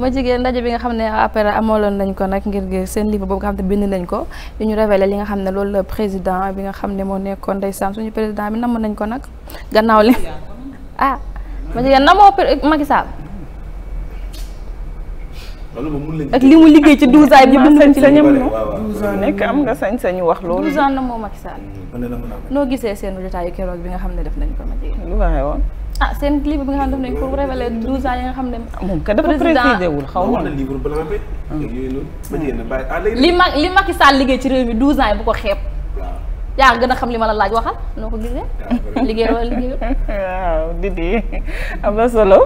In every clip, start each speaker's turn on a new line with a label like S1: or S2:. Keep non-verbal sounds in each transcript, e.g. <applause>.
S1: ma jigéen ndaje bi nga xam ne après amaloon nañ ko nag ngir seen livre boobu nga xam ne bind nañ ko li ñu révélé li nga xam ne loolu la président bi nga xam ne moo nekkoon ndeysaan suñu président bi namoon nañ ko nag gannaaw li <laughs> ah ma jigéen namoo Macky Sall
S2: ak li mu liggéey ci 12 ans yi bind nañ ci ñam no 12 nekk am nga sañ-sañu wax loolu 12 ans
S1: na moo Macky Sall
S2: mm,
S1: noo gisee seen résultat yu keroog bi nga xam ne def nañ ko ma jigéen lu waxee woon ah seen livre bi nga xam ne def nga xam ne.
S3: moom kat dafa précisé wul xaw ma ah. ah, li mag
S1: li Macky Sall liggéey ci réew mi douze ans yi bu ko xeeb. yaa gën a xam li ma la laaj waxal noo ko gisee. liggéey wala liggéeyul.
S2: waaw Didi am na solo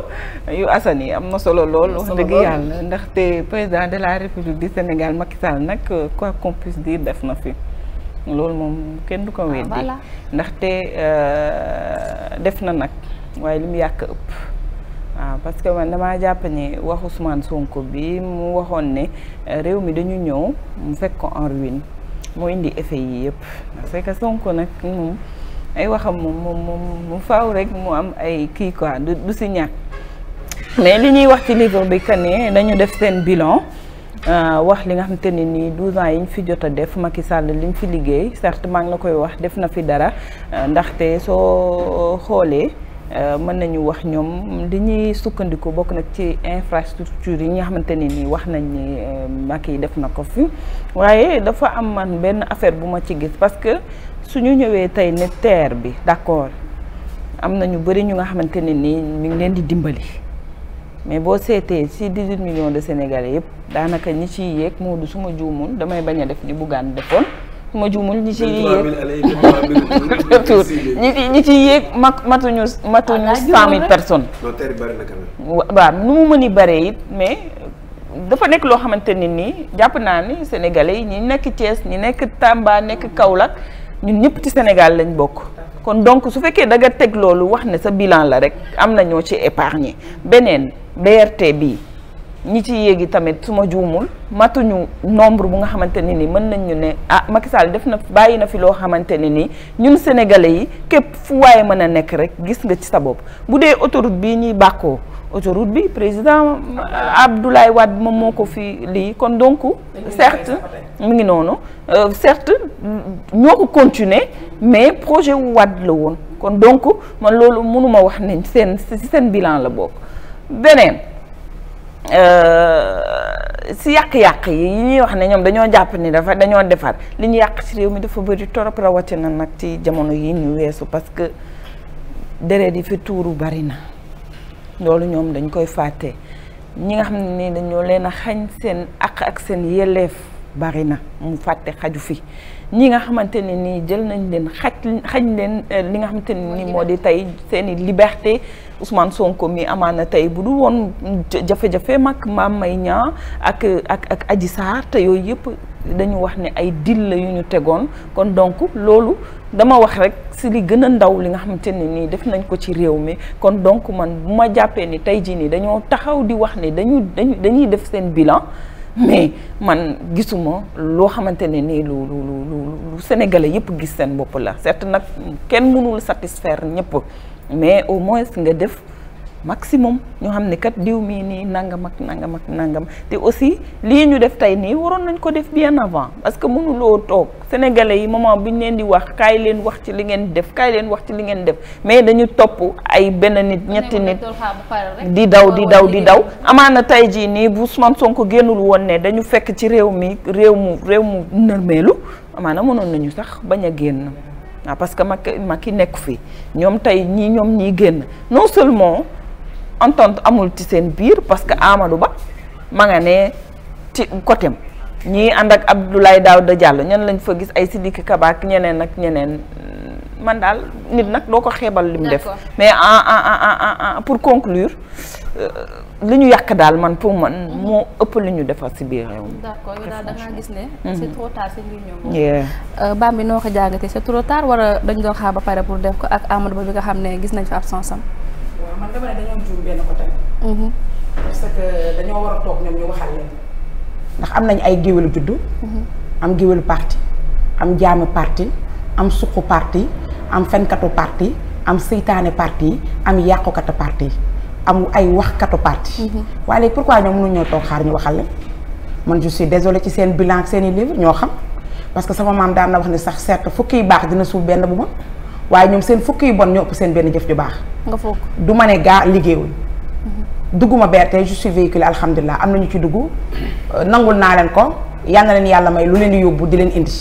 S2: yu asan yi am na solo lool. wax dëgg yàlla ndaxte président de la république du Sénégal Macky Sall nag quoi qu'on puisse def na fi. loolu moom kenn du ko ah, weddi. ndaxte euh, def na nag. waaye li mu yàq ëpp waaw parce que man dama jàpp ne wax Ousmane Sonko bi mu waxoon ne euh, réew mi dañu ñëw mu fekk ko en ruine moo indi effet yi yëpp parce que Sonko nag moom ay waxam moom moom mu faw rek mu am ay kii quoi du du si ñàkk mais li ñuy wax ci livre bi que ne dañu def seen bilan euh, wax li nga xamante ne nii 12 ans yi ñu fi jot a def Macky Sall li ñu fi liggéey certes maa ngi la koy wax def na fi dara euh, ndaxte soo xoolee. Euh, mën nañu wax ñoom li ñuy sukkandiku bokk nag ci infrastructure yi nga xamante ne nii wax nañ ni euh, yi def na ko fi waaye dafa am man benn affaire bu ma ci gis parce que su ñu ñëwee tey ne terre bi d'accord am na ñu bëri ñu nga xamante ne nii ñu ngi leen di dimbali mais boo seetee si 18 million de Sénégalais yëpp daanaka ñi ciy yéeg moo du suma juumul damay bañ a def li Bougane defoon. bu ma juumul ñi ciy ci yéeg mak matuñu matuñu ah, cent mille personnes waaw nu mu mën i bëree it mais dafa nekk loo xamante ne nii jàpp naa ni sénégalais yi ñi nekk Thiès ñi nekk Tamba nekk Kaolack ñun ñëpp ci Sénégal lañ bokk kon donc su fekkee da nga teg loolu wax ne sa bilan la rek am na ñoo ci épargné beneen BRT bii ñi ci yéegi tamit su ma juumul matuñu nombre bu nga xamante ne ni mën nañ ñu ne ah Macky Sall def na bàyyi na fi loo xamante ne ni ñun sénégalais yi képp fu waaye mën a nekk rek gis nga ci sa bopp bu dee autoroute bii ñuy bàkkoo autoroute bi président Abdoulaye Wade moom moo ko fi lii kon donc certes mu ngi noonu euh, certes ñoo ko continuer mais projet wu Wade la woon kon donc man loolu mënuma wax ne seen si seen bilan la bokk beneen Euh, si yàq-yàq yi yi ñuy wax ne ñoom dañoo jàpp ni dafa dañoo defar li ñu yàq si réew mi dafa bëri torop rawatina nag ci jamono yi ñu weesu parce que deret yi fi tuuru bari na loolu ñoom dañ koy fàtte ñi nga xam ne dañoo leen a xañ seen àq ak seen yelleef bari na fàtte xaju fi ñi nga xamante ne nii jël nañ leen xaj xañ leen euh, li nga xamante ne moo di tey seen i liberté Ousmane Sonko mi amaana tey bu dul woon jafe-jafe mag maam may Niang ak ak ak Adji Sarr te yooyu yëpp dañu wax ne ay dil yu ñu tegoon kon donc loolu dama wax rek si li gën a ndaw li nga xamante ne nii def nañ ko ci réew mi kon donc man bu ma jàppee ni tey jii nii dañoo taxaw di wax ni dañu dañu dañuy def seen bilan mais man gisuma loo xamante ne nii lu lu lu lu sénégalais yëpp gis seen bopp la certes nag kenn mënul satisfaire ñëpp mais au moins nga def maximum ñoo xam ne kat diw mii nii nangam ak nangam ak nangam te aussi lii ñu def tey nii waroon nañ ko def bien avant parce que mënuloo toog sénégalais yi moment bi ñu leen di wax kaay leen wax ci li ngeen def kaay leen wax ci li ngeen def mais dañu topp ay benn nit ñetti nit
S1: di daw di daw di daw
S2: amaana tey jii nii bu Ousmane Sonko génnul woon ne dañu fekk ci réew mi réew mu réew mu nërmeelu amaana mënoon nañu sax bañ a génn waaw ah, parce que Macky Macky nekku fii ñoom tey ñii ñoom ñii génn non seulement entente amul ci seen biir parce que Amadou Ba ma nga ne ci côté am ñii ànd ak Abdoulaye da Diallo ñan lañ fa gis ay si Kaba ak ñeneen ak ñeneen man daal nit nag doo ko xeebal mu def mais en en en en pour conclure. Euh, li ñu yàq daal man pour man
S1: moo ëpp li ñu defar ci biir réew mi. d'accord yow daal da gis ne. c'est trop tard ci biir euh, bi noo ko jàngatee c'est trop tard wara dañ doon xaar ba pare pour def ko ak Amadou Ba bi nga xam ne gis nañ
S4: fa absence am. waaw mm-hmm. a toog ñoom ndax am nañ ay géwélu juddu. Mm-hmm. am géwélu parti am jaami parti am suqu parti am fenkatu parti am seytaane parti am yàqukatu parti. am ay wax katu parti. Mhm. waaye léegi pourquoi ñoom mënuñ ñoo toog xaar ñu waxal leen man je suis désolé ci seen bilan ak seen livre ñoo xam parce que sama maam daan na wax ne sax certes fukki baax dina suuf benn bu bon waaye ñoom seen fukki yu bon ñoo ëpp seen benn jëf ju baax. nga foog du ma ne gaa liggéeyuñ. Mhm. dugguma berte je suis véhiculé alhamdulilah am na ñu ci dugg euh, nangul naa leen ko yal na leen yàlla may lu leen di yóbbu di leen indi.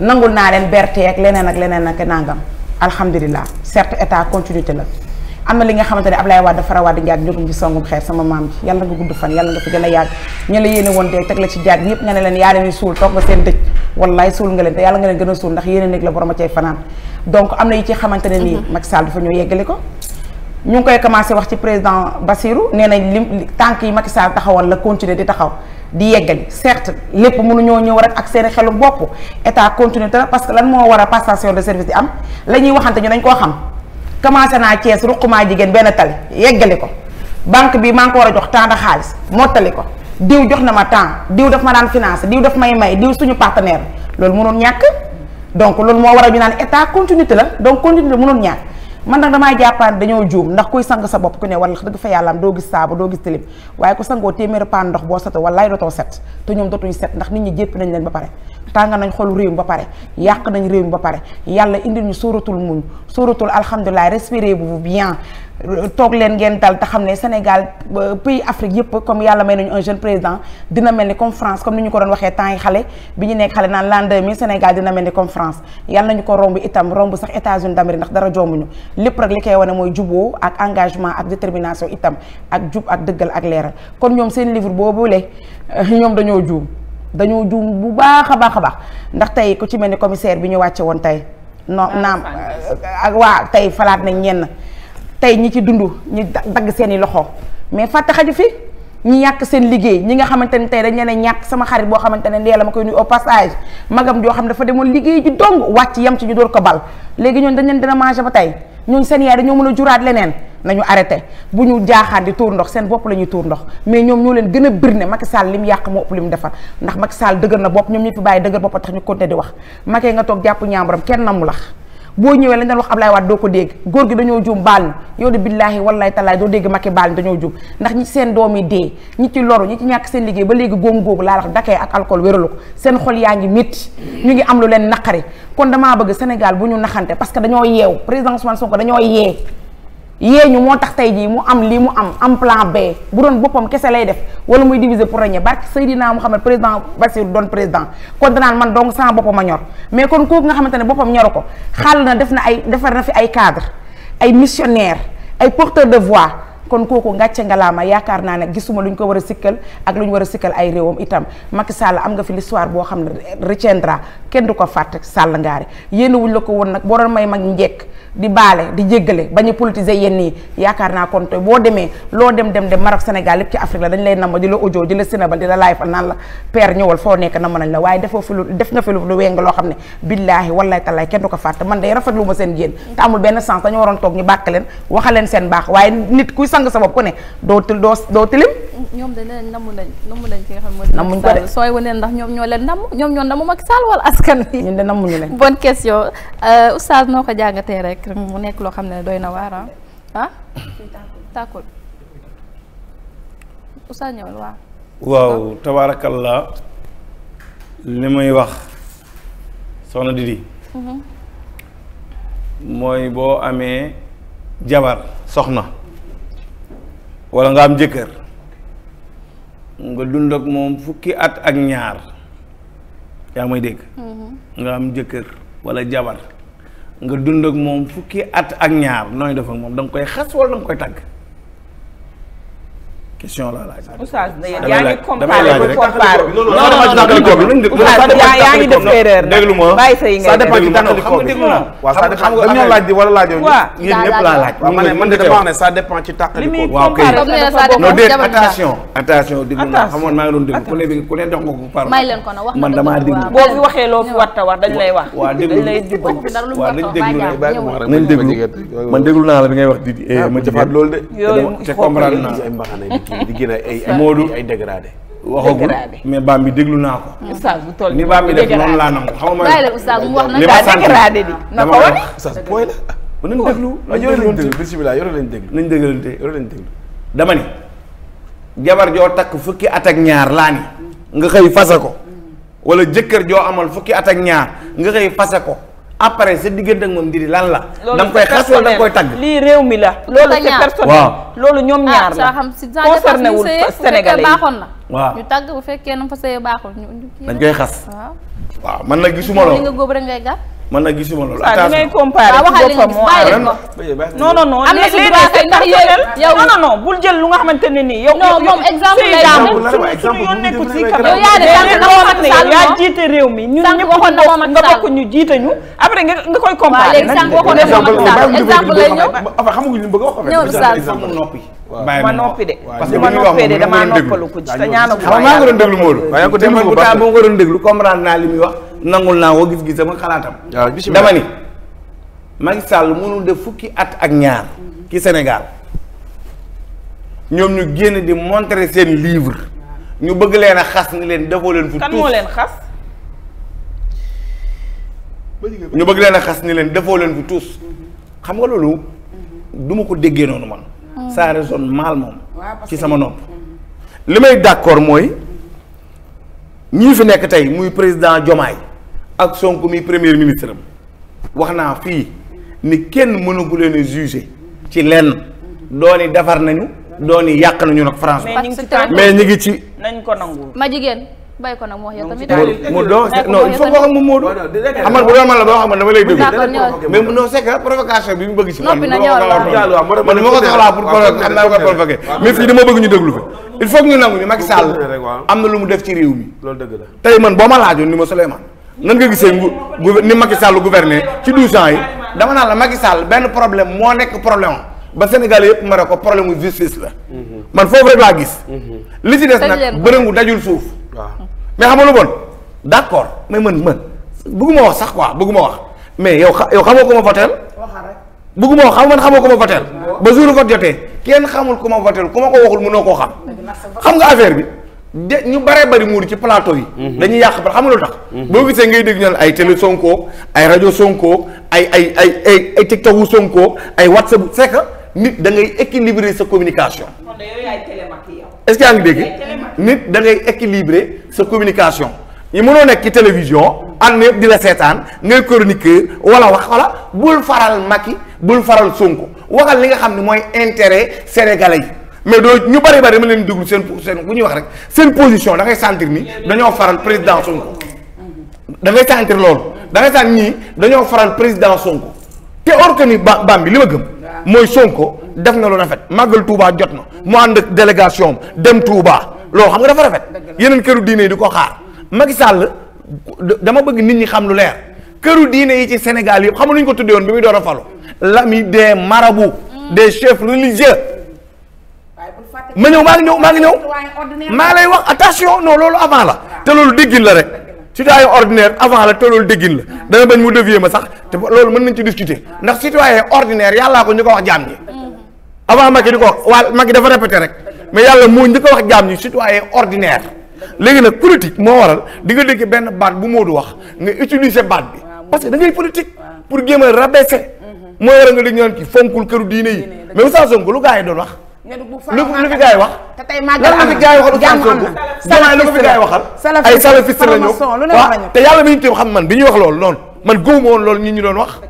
S4: nangul naa leen berte ak leneen ak leneen ak nangam alhamdulilah certes état continuité la. am na li nga xamante ne Ablaye Wade Fara Wade Ndiaye jóguñ ci songum xeer sama maam ji yàlla nga gudd fan yàlla nga fi gën a yàgg ñu nga leen yaa leen suul toog nga seen dëj wallaay suul nga leen te yàlla nga leen gën a suul ndax yéene nekk la borom a cay fanaan donc am na yi ci xamante ne nii mhm. Macky Sall dafa ñëw yeggali ko ñu ngi koy commencé wax ci président Bassirou nee nañ lim tànk yi Macky Sall taxawal la continuer di taxaw di yeggali certes lépp mënuñoo ñëw rek ak seen xelu bopp état continuer te parce que lan moo war a passation de service di la ñuy waxante ñu koo xam commencé naa Thiès ruqumaa jigéen benn tali yeggali ko banque bi maa ngi ko war a jox temps de xaalis mottali ko diw jox na ma temps diw daf ma daan finance diw daf may may diw suñu partenaire loolu mënoon ñàkk donc loolu moo war a naan état continuité la donc la mënoon ñàkk man nag damaa jàppaan dañoo juum ndax kuy sang sa bopp ku ne wala dëgg fa yàlla doo gis saabu doo gis tilim waaye ku sangoo téeméeri paan ndox boo setoo wallaay dootoo set te ñoom dootuñu set ndax nit ñi jépp nañ leen ba pare tàng nañ xolu réew mi ba pare yàq nañ réew mi ba pare yàlla indil ñu sóoratul muñ sóoratul alhamdulilah respirez-vous bien toog leen ngeen dal te xam ne Sénégal euh, pays Afrique yëpp comme yàlla may nañu un jeune président dina mel ni comme France comme ni ñu ko doon waxee temps yi xale bi ñu nekk xale naan l'an 2000 Sénégal dina mel ni comme France yàlla nañu ko romb itam romb sax États-Unis d'Amérique ndax dara joomuñu lépp rek li koy wane mooy juboo ak engagement ak détermination itam ak jub ak dëggal ak leeral kon ñoom seen livre boobule euh, ñoom dañoo juum dañoo juum bu baax a baax a baax ndax tey ku ci mel ni commissaire bi ñu wàcce woon tey non ah, naam euh, ak waa tey falaat nañ ñenn tey ñi ci dund ñu dagg seen i loxo mais fàtte xaju fi ñi yàq seen liggéey ñi nga xamante ne tey dañ leen ñàkk sama xarit boo xamante ne ndee la ma koy nuyu au passage magam joo xam dafa demoon liggéey ji ko bal léegi ñoon dañ leen dana mangé ba tey ñooñ seen yaay dañoo mën a juraat leneen nañu arrêté bu ñu jaaxaan di tuur ndox seen bopp la ñuy tuur ndox mais ñoom ñoo leen gën a bir ne Macky Sall li mu yàq moo ëpp li defar ndax Macky Sall dëgër na bopp ñoom ñu fi bàyyi dëgër bopp a tax ñu continuer di wax Macky nga toog jàpp ñaambaram kenn namu lax boo ñëwee lañ doon wax Ablaye Wade doo ko dégg góor gi dañoo juum baal ñu yow de billaahi wallahi talaay doo dégg Macky baal ñu dañoo juum ndax ñi seen doom yi dee ñi ci loru ñi ci ñàkk seen liggéey ba léegi góom googu laa wax dakee ak alcool wéralu ko seen xol yaa ngi métti ñu ngi am lu leen naqari kon damaa bëgg Sénégal bu ñu naxante parce que dañoo yeew président Ousmane Sonko dañoo yee yée ñu moo tax tey jii mu am lii mu am am plan B bu doon boppam kese lay def wala muy diviser pour régner barke Seydina Mouhamed président Bassirou doon président kon danaan man donc sama boppam a ñor mais kon kooku nga xamante ne boppam ñoru ko xàll na def na ay defar na fi ay cadre ay missionnaire ay porteur de voix kon kooku ngàcce ngalaama yaakaar naa ne gisuma lu ñu ko war a sikkal ak lu ñu war a sikkal ay réewam itam Macky Sall am nga fi l'histoire boo xam ne retiendra kenn du ko fàtte Sall ngaari yéen wuñ la ko woon nag boo doon may mag njekk di baale di jéggale bañu politiser yenn yi yaakaar naa kon boo demee loo dem dem dem Maroc Sénégal lépp ci Afrique la dañ lay nama di di la sénébal di la laay fa naan la nekk na nañ la waaye defoo fi lu def nga fi lu weng loo xam ne billaahi wallahi tallaay kenn ko fàtte man day rafetlu ma seen génn te amul benn sens dañu waroon toog ñu bàkk leen waxa leen seen baax waaye nit kuy sang sa ko ne doo doo doo tilim.
S1: ñoom da leen namu nañ namu nañ ki nga xam ne namuñ sooy wane ndax ñoom ñoo leen namu ñoom ñoo namu Macky Sall wala askan wi. ñun de namuñu leen. bonne question euh, oustaz noo ko jàngatee rek mu nekk loo xam ne doy na waar ah. tàkkul ah? oustaz ñëwal
S3: waaw. waaw li muy wax soxna Didi. Mhm. mooy boo amee jabar soxna. wala nga am jëkkër nga dund ak moom fukki at ak ñaar yaa may dégg mm-hmm. nga am jëkkër wala jabar nga dund ak moom fukki at ak ñaar nooy def moom da koy xas wala da koy tàgg question la laaj.
S2: oustaz yaa ngi comparé bu comparé
S3: non non yaa ngi def erreur déglu ma bàyyi sa yi ngay ma waaw ça dépend dañ ñoo di wala laajoo man ma xamoon maa ngi doon déglu ku ne bi ku ne
S2: damaa déglu boo waxee loo fi war a wax dañ lay wax waaw déglu lay jubal waaw nañ
S3: déglu man déglu naa la bi ngay wax di eh, ah, ma jëfaat loolu de te comprendre naa kii di gën a ay ay ay dégradé. mais baam bi déglu naa ko. bu toll nii baam bi def noonu laa nangu. xaw ma la
S1: oustaz mu wax na kaa na ko wane
S3: oustaz booy la. bu nañ déglu nañ déglu nañ déglu bisimilah nañ déglu yore lañ déglu. dama ni. jabar joo takk fukki at ak ñaar laa ni. nga xëy fasa ko. wala jëkkër joo amal fukki at ak ñaar nga xëy fasa ko. après sa diggante ak moom diri lan la. da nga koy xas wala da nga koy tagg. lii réew mi la. loolu c'est personnel waaw
S1: loolu ñoom ah, ñaar la concerné wul Sénégalais yi na waaw ñu tagg bu fekkee nam fa sëyee baaxul ñu. dañ koy xas waaw.
S3: man na gisuma loolu nga
S1: góob rek ngay gàtt
S3: man nag gisuma loolu. ah di
S2: ngay comparé ci boppam moo am non non non. am na si droit kay ndax yow non non non bul jël lu nga xamante ne nii. yow non moom exemple lay joxe suñu yoon nekkul si kam. yow yaa de sànq na woon ak Sall yaa jiite réew mi. ñun ñëpp nga bokk ñu jiite ñu. après nga nga koy comparé. waaw léegi sànq waxoon na woon ak Sall exemple lay ñëw.
S3: enfin xamaguñu li mu bëgg a wax. ñëw Sall sama noppi. ma noppi de parce que ma noppee de damaa noppalu ko ci te ñaanal ko. waaw maa ngi doon déglu Modou waaye ko déglu ba pare bu taa bu nga doon déglu comprendre naa li muy wax nangul naa ko gis-gis sama xalaatam. dama ni Macky sàll mënul def fukki at ak ñaar ki Sénégal ñoom ñu génn di montrer seen livre ñu bëgg leen xas ni leen defoo leen fu kan leen xas ñu bëgg leen a xas ni leen defoo leen fu tuus xam nga loolu duma ko déggee noonu man mm. ça résonne mal moom ci sama nopp li may d'accord mooy ñii fi nekk tey muy président jomaay ak Sonko mi premier ministre am wax naa fii ni kenn mënagu leen a juger ci lenn dooni defar nañu dooni yàq nañu nag France mais bi mu bëgg ñu déglu fi il faut que ñu ni Macky Sall am na lu mu def ci réew mi loolu dëgg la tey man boo ma laajoon ni ma Souleymane nan ka gisee gu ni Macky Sall gouverner ci du ans yi dama naa la Macky Sall benn problème moo nekk problème ba Sénégal yëpp mara ko problème mu la. Mhm. man foofu rek laa gis. Mhm. li si des nag bërëngu dajul suuf. waaw mais xam nga lu bon d' accord mais man man bëgguma wax sax quoi bëgguma wax mais yow xa yow xamoo ko ma voteel. bëgguma wax xam man xamoo ko ma voteel. ba jour vote jotee kenn xamul ku ma voteel ku ma ko waxul mënoo koo xam. xam nga affaire bi. de ñu bare bari muur ci plateau yi. Mhm. dañuy yàq ba xam tax. Mhm. boo gisee ngay dégg ñu ay télé Sonko ay rajo Sonko ay ay ay ay ay TikToku Sonko ay WhatsApp c'est que nit da ngay équilibrer sa communication. est yaa ngi dégg nit da ngay équilibrer sa communication. yi mënoo nekk ci télévision ànd na yëpp di seetaan ngay chroniqueur wala wax wala bul faral Macky bul faral sonk waxal li nga xam ne mooy intérêt sénégalais yi. mais doo ñu bari bari ma leen duglu seen seen bu ñuy wax rek seen position dangay ngay sentir ni dañoo faral président Sonko da ngay sentir loolu da ngay sentir dañoo faral président Sonko te or que ba bam bi li ma gëm mooy Sonko def na lu rafet màggal Touba jot na mu ànd ak délégation dem Touba loolu xam nga dafa rafet yeneen këru diine yi di ko xaar Macky Sall dama bëgg nit ñi xam lu leer këru diine yi ci Sénégal yëpp xam lu ñu ko tuddee woon bi muy door a falu l'ami des marabouts des chefs religieux ma ñëw maa ngi ñëw maa ngi ñëw maa lay wax attention non loolu avant la te loolu déggin la rek citoyen ordinaire avant la te loolu déggin la dana bañ mu dévier ma sax te loolu mën nañ ci discuter ndax citoyen ordinaire yàllaa ko ñu ko wax jaam ñi mm-hmm. avant Macky di ko wax waa Macky dafa répété rek mais yàlla moo ñu ko wax jaam ñi citoyen ordinaire léegi nag politique moo waral di dégg benn baat bu Modou wax nga utiliser baat bi parce que da ngay politique pour gé a rabaisser mm-hmm. moo waral nga dégg ñu naan kii fonkul këru diine yi mais Oustaz Sonko lu gars yi
S4: lu fi gars yi wax. te tey màggal am
S3: na ay salafiste la ñu te yàlla mi ñu tëb xam man bi ñuy wax loolu noonu man gëwuma woon loolu ñi ñu doon wax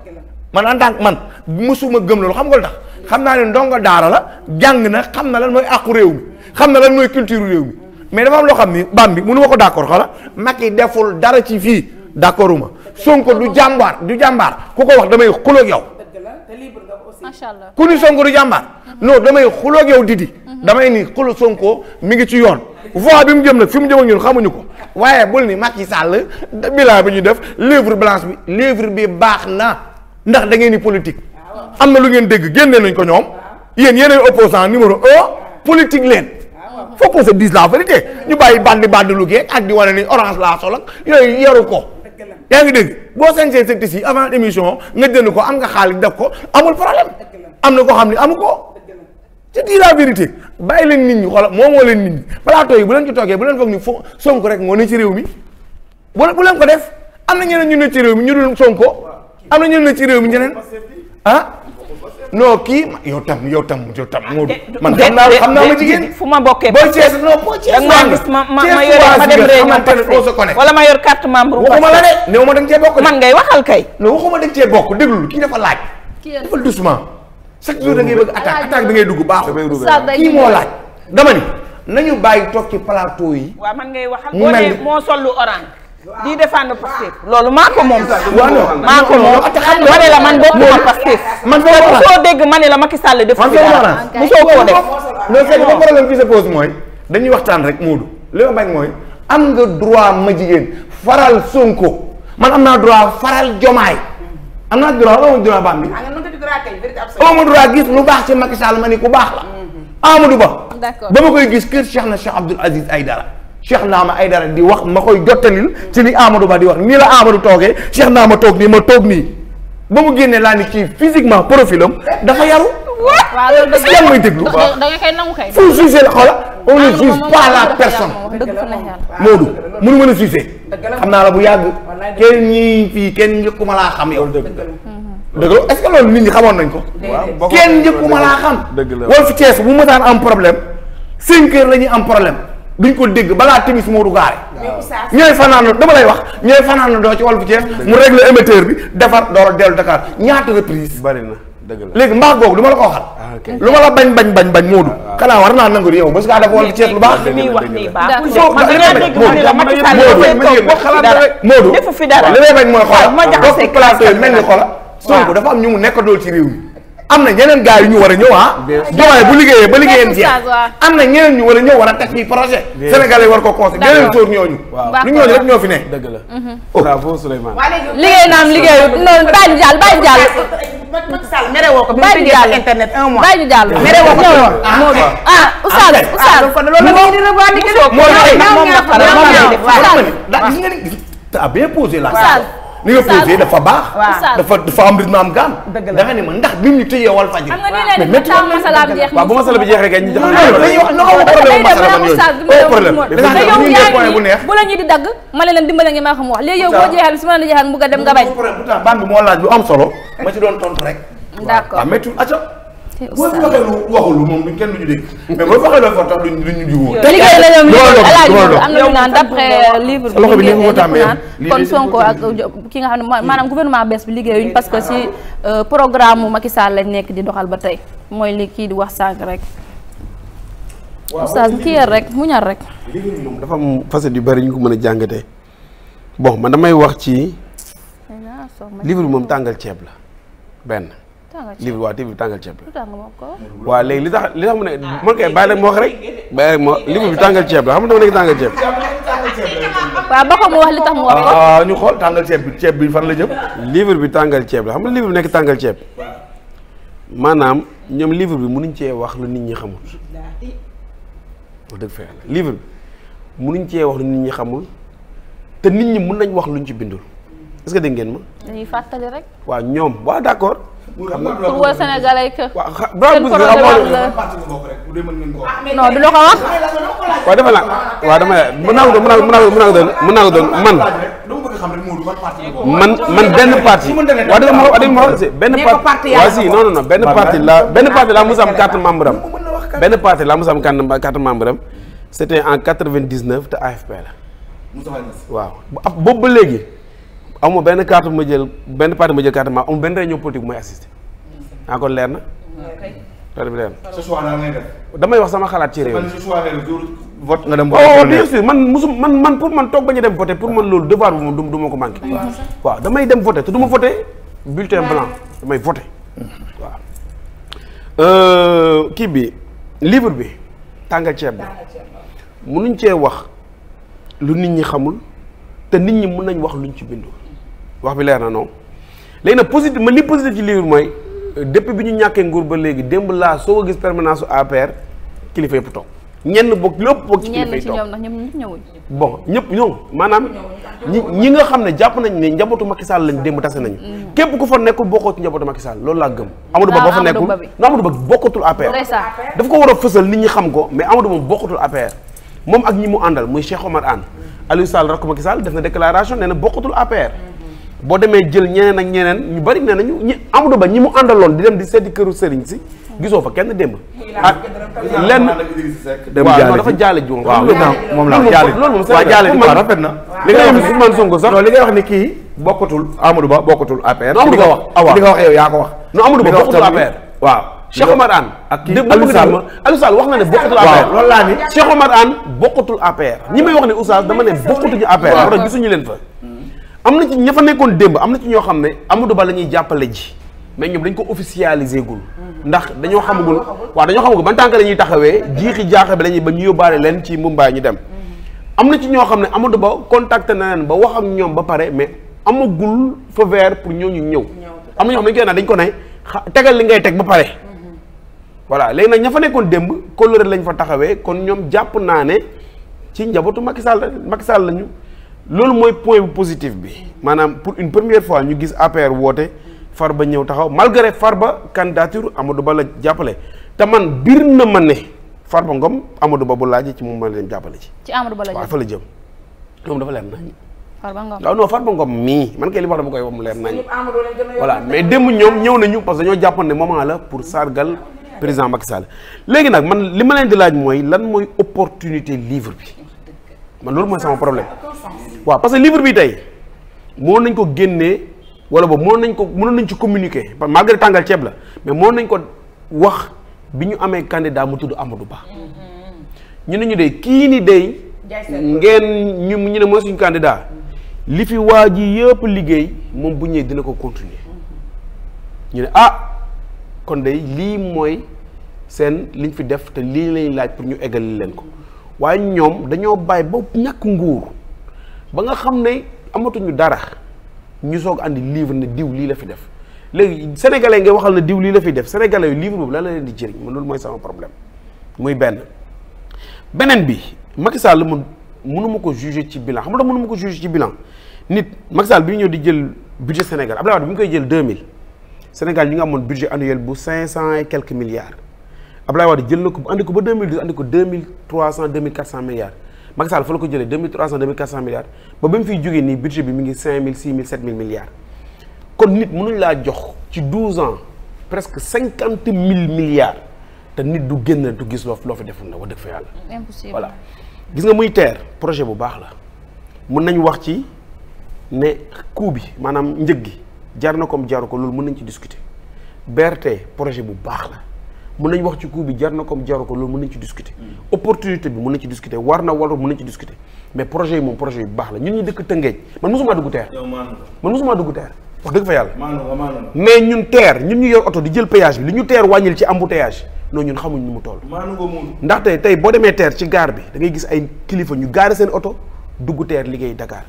S3: man en tant man musuma gëm loolu xam nga lu xam naa ne ndongo daara la jàng na xam na la mooy àqu réew mi xam na la mooy culture réew mi mais dafa am loo xam ni bam bi mënu ma ko d' accord xala Macky deful dara ci fii d' accord uma Sonko du jàmbaar du jàmbaar ku ko wax damay xuloo yow ku ni Sonko du jàmbaar non damay xuloo ak yow Didi. Mhm. damay ni xulu Sonko mu ngi ci yoon. voie bi mu jëm nag fi mu jëm ak ñun xamuñu ko waaye bul ni Macky Sall bilan bi ñuy def livre blanche bi livre bi baax na ndax da ngeen ni politique. Ah am na lu ngeen dégg génnee nañ ko ñoom. yéen yéenay opposant numéro un politique leen. Ah faut qu'on se dise la vérité ñu bàyyi bandi ak di wane ni orange laa sol ak yooyu yaru ko. yaa ngi dégg boo sañsee sa tissu avant émission nga ko am nga xaalis def ko amul problème. am na ko xam ne amu je dis la bàyyi leen nit ñi xoolal moomoo leen nit ñi plateau yi bu leen ci toogee bu leen foog ni fo Sonko rek moo ne ci réew mi bu bu leen ko def am na ñeneen ñu ne ci réew mi ñu dul Sonko am na ñeneen ne ci réew mi ñeneen ah non kii yow tam yow tam yow tam ah, ma jigéen ma ma wala ma yor carte membre waxuma la de néew ma da nga cee bokk man ngay waxal kay non waxuma da nga bokk déglu kii dafa laaj dafa doucement chaque jour da ngay bëgg attaque attaque bi ngay dugg baaxul. kii moo laaj dama ni nañu bàyyi toog ci yi.
S2: waaw man ngay waxal boo nee moo sol lu orange. di défendre Pastef.
S3: loolu maa ko moom.
S2: maa ko moom ma ne la man bokkuma Pastef. man ma la Macky Sall
S3: def. man foofu la mu soo ko def. non c'est que problème qui se pose mooy dañuy waxtaan rek Moodu li ma bañ mooy am nga droit ma jigéen faral Sonko man am naa droit faral Jomaay. am naa droit amoo droit bam bi.
S4: Ah,
S3: amoo droit gis lu baax ci Macky Sall ma ni ku baax la. Mhm. Amadou Ba. ba ma koy gis kër Cheikh na Cheikh Abdoul Aziz Aydara Cheikh ay dara di wax ma koy jottalil ci li Amadou Ba di wax nii la Amadou toogee Cheikh Naama toog nii ma toog nii ba mu génnee laa ni kii physiquement profil am dafa yaru. waaw loolu dëgg la est-ce déglu. da nga
S1: koy nangu kay. fu
S3: on ne ah, juge pas la personne. Moodu mënu mën a siise xam naa la bu yàgg kenn ñi fii kenn njëkkuma laa xam yow. dëgg la est-ce que loolu nit ñi xamoon nañ ko. kenn njëkkuma laa xam. dëgg la Walf Thiès bu mësaan am problème cinq heures la ñuy am problème duñ ko dégg balaa timis Moodu gaare. ñooy fanaanoo dama lay wax ñooy fanaanoo doo ci Walf Thiès mu régler émetteur bi defar door dellu Dakar ñaata reprise bari na. léegi mbaax googu du ma la ko waxal lu ma la bañ bañ bañ bañ Moodu xanaa war naa nangu yow parce que dafa war Moodu
S2: li may bañ mooy xoolal toog plateau yi
S3: mel ni xoolal Sonko dafa am ñu mu nekk dool ci réew mi am na ñeneen gars yi ñu war a ñëw ah jomaay bu liggéeyee ba liggéeyam jeex am na ñeneen ñu war a ñëw war a teg fii projet sénégalais war ko conseil ñeneen tóor ñooñu lu ñooñu rek ñoo fi ne dëgg la bravo
S4: liggéeyu noonu bàyyi jàll bàyyi jàll Macky Sall mere woo ko. bi mu tëjee internet un mois. bàyyi ñu
S1: jàll mere woo ko moo bi ah oustaz oustaz loolu
S3: la di revendiquer ni nga posé dafa baax. dafa dafa am rythme am gaan. da nga ne ma ndax bi ñu tëjee wal fajri.
S1: bi jeex rek ñu jox
S3: problème bu
S1: dagg ma ne leen dimbale nga ma xam wax léegi yow boo jeexal su ma la jeexal mu nga dem nga
S3: bañ. pourtant ban bi moo laaj lu am solo ma ci doon ton rek.
S1: d'accord waaw métti oustaz bu
S3: waxee waxul moom duñ kenn duñu dégg <laughs> mais boo waxee loolu fa tax duñ duñ ñu jiwoo. te liggéey la ñoom am na ñu
S1: naan d'après livre bi. loxo bi ni mu tàmbee kon Sonko ak ki nga xam ne maanaam gouvernement bees bi liggéeyuñ parce que si euh, programme mu Macky Sall lañ nekk di doxal ba tey mooy li kii di wax sànq rek. waaw oustaz kii yar rek mu ñar rek.
S3: liggéey moom dafa am facette yu bari ñu ko mën a jàngatee bon man damay wax ci livre moom tàngal ceeb la benn livre waaw livre bi tàngal ceeb la. waaw léegi li tax li tax mu ne man kay bàyyi rek ma wax rek. bàyyi rek ma livre bi tàngal ceeb la xam nga dama nekk tàngal ceeb.
S1: waaw ba ko li tax mu wax ko.
S3: Ah, waaw bi ceeb bi fan la jëm. livre bi tàngal ceeb la xam nga livre bi nekk tàngal ceeb. maanaam ñoom livre bi mënuñ cee wax lu nit ñi xamul. wax dëgg livre bi mënuñ cee wax lu nit ñi xamul te nit ñi mën nañ wax luñ ci bindul est-ce que dégg ngeen ma.
S1: dañuy rek.
S3: waaw ñoom waaw d'accord. pour waa
S1: Sénégal ay kër. seen
S3: programme la non du la ko wax. waaw dama la waaw dama la mën naa ko mën naa ko mën naa ko doon man. man man benn parti. waaw dama ma wax ma wax benn parti waaw si non non benn parti la benn parti la mos am carte membre am. benn parti la mos am carte membre am c'était en 99 te AFP la. waaw boobu ba léegi. amuma benn carte ma jël benn parti ma jël carte ma amuma benn ñëw politique bu may assister. ah kon leer na. leer bi leer na. damay wax sama xalaat ci réew mi. ce soir vote nga oh, man musu man man pour man toog bañ a dem voter pour man loolu devoir bu ma du ma ko manqué. Ah, waaw damay dem voter te du ma voter bulletin blanc damay voter waaw. Euh, kii bi livre bi tàngal ceeb bi mënuñ cee wax lu nit ñi xamul te nit ñi mën nañ wax luñ ci bindu. wax bi leer na non léegi na positif ma li positif ci livre mooy depuis bi ñu ñàkkee nguur ba léegi démb laa soo gis permanence su kilifa yëpp toog ñenn bokk lépp bokk ci kilifa yi toog bon ñëpp ñoom maanaam ñi ñi nga xam ne jàpp nañ ne njabootu Macky Sall lañ démb tase nañu mm. képp ku fa nekkul bokkoo ci njabootu Macky Sall loolu laa gëm Amadou Ba ba fa nekkul non Amadou Ba bokkatul APR daf ko war a fësal nit ñi xam ko mais Amadou Ba bokkatul APR moom ak ñi mu àndal muy Cheikh Omar Anne Aliou Sall rakk Macky Sall def na déclaration nee na bokkatul APR boo demee jël ñeneen ak ñeneen ñu bari nee nañu ñi Amadou Ba ñi mu àndaloon di dem di seeti këru sëriñ si gisoo fa kenn démb. ak lenn dem jaale dafa jaale ji waaw moom la jaale loolu moom waaw jaale waaw rafet na. li nga wax Ousmane Sonko sax wax ni kii bokkatul Amadou Ba bokkatul APR. non Amadou Ba wax awa li nga wax yow eh, yaa ko wax. non Amadou Ba bokkatul APR waaw. Cheikh Omar Anne ak kii Aliou Sall wax na ne bokkatul APR loolu laa ni Cheikh Omar Anne bokkatul APR wax ne Oustaz dama ne bokkatuñu APR wala gisuñu leen fa am na ci nekkoon démb am na ci ñoo xam ne amatu Ba la ñuy jàppale ji mais ñoom dañ ko officialisé gul ndax dañoo xamagul waaw dañoo xamagul ban tànk la ñuy taxawee jiixi jaaxal bi la ba ñu yóbbaale leen ci Mumbaay ñu dem am na ci ñoo xam ne amatu Ba contacté na leen ba wax ak ñoom ba pare mais amagul feu vert pour ñu ñëw am na ñoo xam ne dañ ko ne tegal li ngay teg ba pare voilà léegi nag ña fa nekkoon démb coloré lañ fa taxawee kon ñoom jàpp naa ne ci njabootu Macky Sall Macky Sall lañu loolu mooy point bu positif bi maanaam pour une première fois ñu gis APR woote ba ñëw taxaw far ba candidature amadu Ba la jàppale te man biir na ma ne Farba Ngom Amadou Ba bu laajee ci moom ma leen jàppale ci.
S1: ci Amadou
S4: Ba la jëm waaw fa la
S3: jëm moom dafa leer nañ. Farba Ngom waaw non Farba man kay li wax dama koy wax mu leer nañ. voilà mais démb ñoom ñëw nañu parce que ñoo jàppoon ne moment la pour sargal président Macky Sall léegi nag man li ma leen di laaj mooy lan mooy opportunité livre bi man loolu mooy sama problème. waaw parce que livre bi tey moo nañ ko génne wala boobu moo nañ ko mënoon nañ ci communiquer malgré tàngal ceeb la mais moo nañ ko wax bi ñu amee candidat mu tudd Amadou Ba mm-hmm. ñu ne ñu de kii ni day ngeen ñu ñu ne mooy suñu candidat mm-hmm. li fi waa ji yëpp liggéey moom bu ñëwee dina ko continuer mm-hmm. ñu ne ah kon day lii mooy seen liñ fi def te lii lañ laaj pour ñu eggali leen ko waaye ñoom dañoo bàyyi ba ñàkk nguur ba nga xam ne amatuñu dara ñu soog andi livre ne diw lii la fi def léegi sénégalais ngay waxal ne diw lii la fi def sénégalais yu livre boobu la la leen di jëriñ man loolu mooy sama problème muy benn beneen bi Macky Sall man mënuma ko juger ci bilan xam nga mënuma ko juger ci bilan nit Macky Sall bi ñu ñëw di jël budget Sénégal Abdoulaye Wade bi ñu koy jël 2000 Sénégal ñu ngi amoon budget annuel bu 500 et quelques milliards Abdoulaye Wade jël na ko andi ko ba 2012 andi ko 2300 2400 Macky Sall la ko jëlee 2300 2400 milliards ba ba mu fiy jógee nii budget bi mi ngi 5000 6000 7000 milliards kon nit mënuñ laa jox ci 12 ans presque 50 000 milliards te nit du génn du gis loo loo fi defoon na wax dëgg fa yàlla. impossible voilà gis nga muy TER projet bu baax la mun nañ wax ci ne coût bi maanaam njëg gi jar na comme jaru ko loolu mun nañ ci discuter BRT projet bu baax la. mën nañ wax ci coup bi jar na comme jaru ko loolu mën nañ ci discuter opportunité bi mën nañ ci discuter war na waru mën nañ ci discuter mais projet yi moom projet yu baax la ñun ñu dëkk Tëngéej man mosumaa dugg teer man mosumaa dugg teer wax dëgg fa yàlla mais ñun teer ñun ñu yor oto di jël péage bi li ñu teer wàññil ci embouteillage non ñun xamuñ nu mu toll ndaxte tey boo demee teer ci gaar bi da ngay gis ay kilifa ñu gaari seen oto dugg teer liggéey Dakar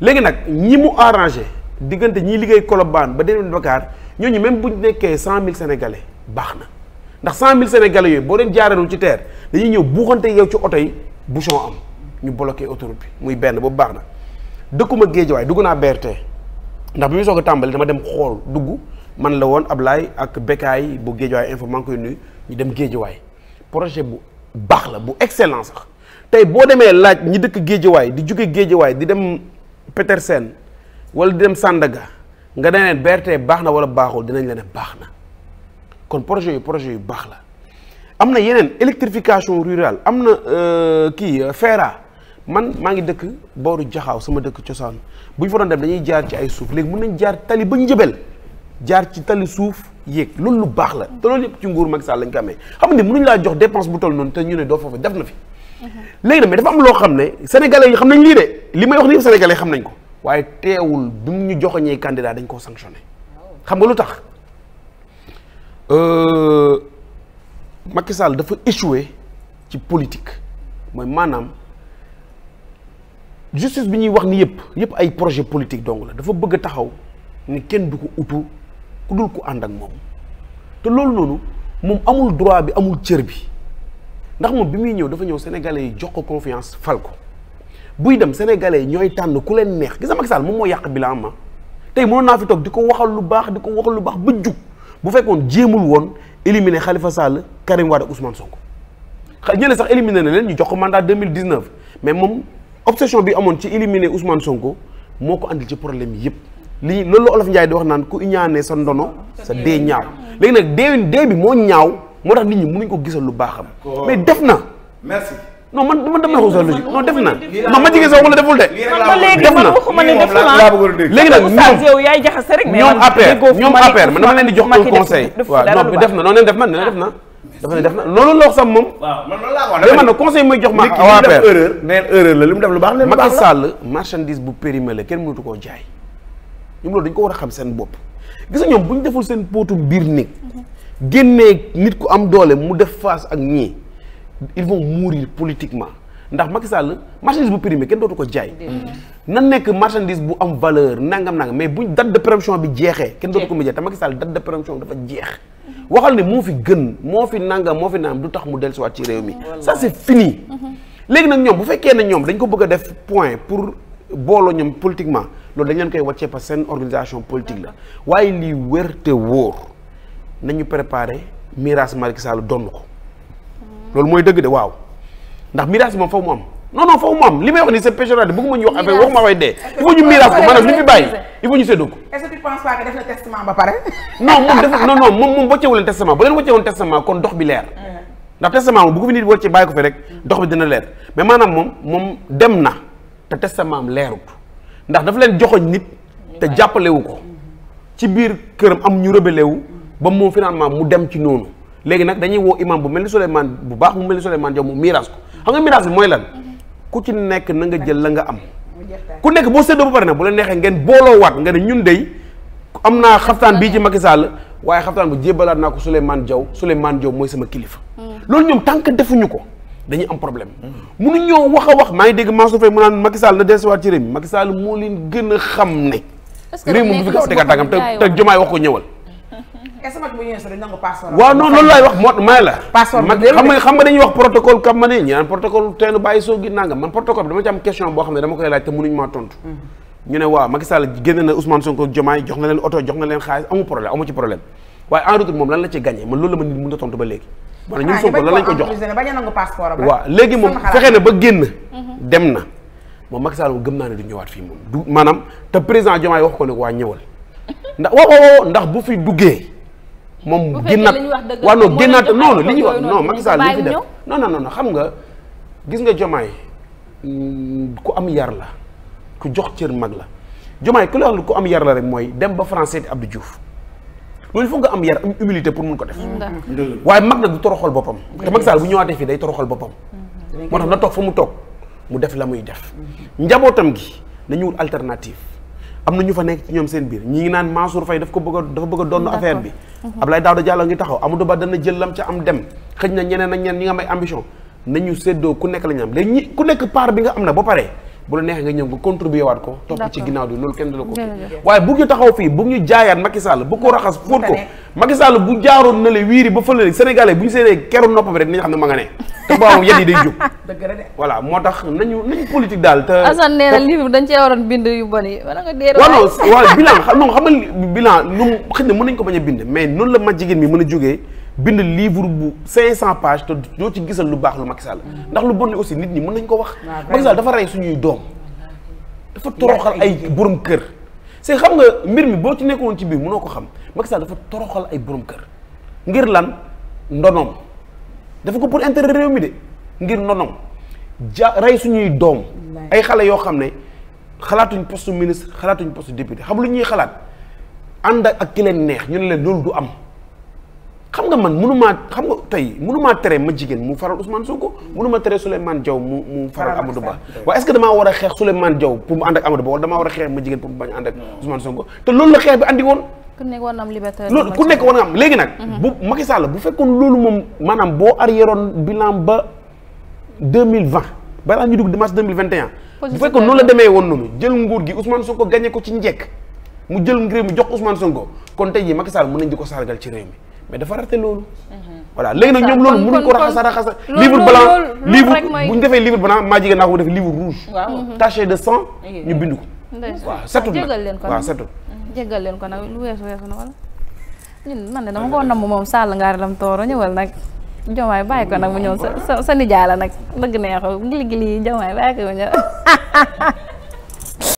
S3: léegi nag ñi mu arrangé diggante ñiy liggéey Colobane ba demee Dakar ñooñu même buñ nekkee cent mille sénégalais baax na ndax 100000 sénégalais yooyu boo leen jaaralul ci terre dañuy ñëw buuxante yow ci oto yi bouchon am ñu bloqué autoroute muy benn boobu baax na dëkkuma Géejawaay dugg naa BRT ndax bi muy soog a tàmbali dama dem xool dugg man la woon ab Ablaye ak Bekaay bu Géejawaay info maa ngi koy nuyu ñu dem géejuwaay projet bu baax la bu excellent sax tey boo demee laaj ñi dëkk géejuwaay di jóge Géejawaay di dem Petersen wala di dem Sandaga nga ne leen BRT baax na wala baaxul dinañ la ne baax na. kon projet yu projet yu baax la am na yeneen électrification rural am na euh, kii euh, feeraa man maa ngi dëkk booru jaxaaw sama dëkk cosaan bu ñu fa doon dem dañuy jaar ci ay suuf léegi mun nañ jaar tali ba njëbel jaar ci tali suuf yéeg loolu lu baax la te loolu yëpp ci nguur Macky Sall lañ ko amee xam ne mënuñ laa jox dépense bu toll noonu te ñu ne doo foofu def na fi mhm. léegi nag mais dafa am loo xam ne sénégalais yi xam nañ lii de li may wax nii sénégalais xam nañ ko waaye teewul bi mu ñu joxoñee candidat dañ koo sanctionné oh. xam nga lu tax Euh, Macky dafa échoué ci politique mooy maanaam justice bi ñuy wax ni yëpp yëpp ay projet politique dong la dafa bëgg taxaw ni kenn du ko utu ku dul ku ànd ak moom te loolu noonu moom amul droit bi amul cër bi ndax moom bi muy ñëw dafa ñëw sénégalais yi jox ko confiance fal ko buy dem sénégalais yi ñooy tànn ku leen neex gis a Macky Sall moom moo yàq bilan ma tey mënoon naa fi toog di ko waxal lu baax di ko waxal lu baax ba jug bu fekkoon jéemul woon éliminer xalifa Sall Karim Wade ak Ousmane Sonko ñeneen sax éliminer na leen ñu jox ko mandat 2019 mais moom obsession bi amoon ci éliminer Ousmane Sonko moo ko andil ci problème yëpp li loolu la Olof Ndiaye di wax naan ku iñaanee sa ndono sa dee ñaaw léegi nag deewin dee bi moo ñaaw moo tax nit ñi mënuñ ko gisal lu baaxam mais def na merci non man man dama ko soxla non def na non ma de. def na ah. léegi nag
S4: ñoom APR ñoom APR man dama leen di jox un conseil. waaw
S3: non def na ah. la wax sax moom. waaw man loolu conseil mooy jox ma. waaw APR erreur neen erreur la li mu def lu baax leen Macky Sall marchandise bu périmé la kenn mënatu koo jaay ñoom loolu dañ ko war a xam seen bopp gis nga ñoom bu ñu deful seen pootu biir néeg génnee nit ku am doole mu def face ak ñii ils vont mourir politiquement ndax Macky Sall marchandise bu primé kenn dootu ko jaay. na nekk marchandise bu am valeur nangam nangam mais bu date de péremption bi jeexee. kenn dootu ko mu jaay te Macky Sall date de péremption dafa jeex. waxal ne moo fi gën moo fi nangam moo fi nangam du tax mu dell dellusiwaat ci réew mi. ça c'est fini. Mhm. léegi nag ñoom bu fekkee ne ñoom dañ ko bëgg def point pour booloo ñoom politiquement loolu dañ leen koy wàccee parce que seen organisation politique la waaye lii wér te nañu préparer mirage Macky Sall donn loolu mooy dëgg de waaw ndax miraas moom foofu mu am non non foofu mu am li may wax ni c'est péjoratif bëgguma ñu wax affaire waxuma way dee il faut ñu miraas ko maanaam li fi bàyyi il faut ñu séddoo ko
S4: ba <laughs> moom
S3: def non non moom moom wàccewu leen testament bu leen wàccewoon testament kon dox bi leer ndax testament moom bu ko fi rek dox bi dina leer mais maanaam moom moom dem na te testament am leerut ndax dafa leen joxoñ nit te jàppalewu ko ci biir këram am ñu rébelé wu ba moom finalement mu dem ci noonu léegi nag dañuy woo imam bu mel ni Souleymane bu baax mu mel ni Souleymane Diaw mu miiras ko xam nga miiras bi mooy lan ku ci nekk na nga jël la nga am ku nekk boo séddoo ba pare nag bu la neexee ngeen booloo waat nga ne ñun dey am naa xaftaan bii ci Macky Sall waaye xaftaan bu jébbalaat naa ko Souleymane Diaw Souleymane jow mooy sama kilifa mm. loolu ñoom tant que defuñu ko dañuy am problème mënu mm. ñoo wax a wax maa ngi dégg Mansour Faye mu naan Macky Sall na dellusiwaat ci réew mi a xam ne réew mi bu fi gaaw tegaat tàngam ko ñëwal
S4: est ce loolu laay wax
S3: moo may la. passeport bi xam nga xam nga dañuy wax protocole kam ma ne ñaan protocole teenu bàyyi soo gi nangam man protocole bi dama te mënuñu mm-hmm. ne waaw Macky Sall génne na Ousmane Sonko Diomaye jox na leen oto jox na leen xaalis amu problème amu ci problème waaye en retour moom lan la ci gagné man loolu la ma nit mën a tontu ba léegi. waaw ñun ah, Sonko lan lañ ko jox
S4: waaw léegi moom fexe na ba génn mm-hmm.
S3: dem na moom Macky Sall gëm naa ne du ñëwaat fii moom du <laughs> moom génnaat waaw non génnaat non li ñuy wax non Macky Sall li fi def xam nga gis nga jomaay ku am yar la ku jox cër mag la jomaay ku la wax ku am yar la rek mooy dem ba français di Abdou Diouf loolu foog nga am yar am humilité pour mun ko def waaye mag nag du toroxal boppam te Macky bu ñëwaatee fii day toroxal boppam mhm. moo tax na toog fa mu toog mu def la muy def njabootam gi nañu wut alternative am na ñu fa nekk ci ñoom seen biir ñi ngi naan Mansour Faye daf ko bëgg a dafa bëgg a donn affaire bi mhm. Abdoulaye Daouda Diallo ngi taxaw Amadou Ba dana jël lam ca am dem xëj na ñeneen ak ñeneen ñi nga may ambition nañu séddoo ku nekk la ñu am léegi ku nekk paar bi nga am na ba pare bu la neexee nga ñëw nga contribuer waat ko topp ci ginnaaw bi loolu kenn du la ko waaye bu ñu taxaw fii bu ñu jaayaat Macky Sall bu ko raxas fóot ko Macky bu jaaroon na le wiiri ba fële sénégalais bu ñu seenee keru nopp bi rek nañu xam ne ma nga ne te boobu yet yi day jóg <laughs> voilà moo tax nañu nañu politique daal te Assane nee na
S1: livre dañ cee waroon bind yu bon yi wala nga dee waaw non <laughs> waaw bilan
S3: non xam nga bilan lu xëy na mën nañ ko bañ a bind mais noonu la ma jigéen mi mën a jógee bind livre bu 500 pages te doo ci gisal lu baax lu Macky Sall mm. ndax lu bon aussi nit ñi mën nañ ko wax. Macky Sall dafa rey suñuy doom. dafa toroxal ay borom kër. c'est xam nga mbir mi boo ci nekkoon ci biir mënoo ko xam Macky Sall dafa toroxal ay borom ngir lan ndonoom dafa ko pour intérêt réew mi de ngir ndonoom ja rey suñuy doom. ay xale yoo xam ne xalaatuñ poste ministre xalaatuñ poste député xam lu ñuy xalaat ànd ak ki leen neex ñu ne leen loolu du am. xam nga man mënumaa xam nga tey mënumaa tere ma jigéen mu faral Ousmane Sonko mënumaa tere Souleymane Diaw mu mu faral Amadou Ba waaye est-ce que damaa war a xeex Souleymane Diaw pour mu ànd ak Amadou a xeex ma jigéen pour mu bañ ànd ak Ousmane Sonko te loolu la xeex bi andi woon
S1: ku nekk war na am liberté na am léegi nag mhm.
S3: bu Macky Sall loolu moom maanaam boo arriéroon bilan ba 2020 balaa ñu dugg mars 2021 bu fekkoon noonu la demee woon noonu jël nguur gi Ousmane Sonko gagné ko ci njekk mu jël ngir mi jox Ousmane Sonko kon tey jii mun nañ di ko sargal ci réew mi mais dafa raté loolu. Mhm. léegi nag ñoom loolu mënuñ ko raxas a livre blanc livre bu ñu defee livre blanc maa jigéen naa ko def livre rouge. Mhm. taché de sang ñu bind ko. waaw setul nag jégal leen ko waaw setul.
S1: jégal leen ko nag lu weesu weesu na wala. ñun man de dama ko namm moom Sall ngaari lam tooro ñëwal nag. Jomaay bàyyi ko nag mu ñëw sa sa nijaay la nag dëgg neexul gili gili Jomaay bàyyi ko mu ñëw. <laughs>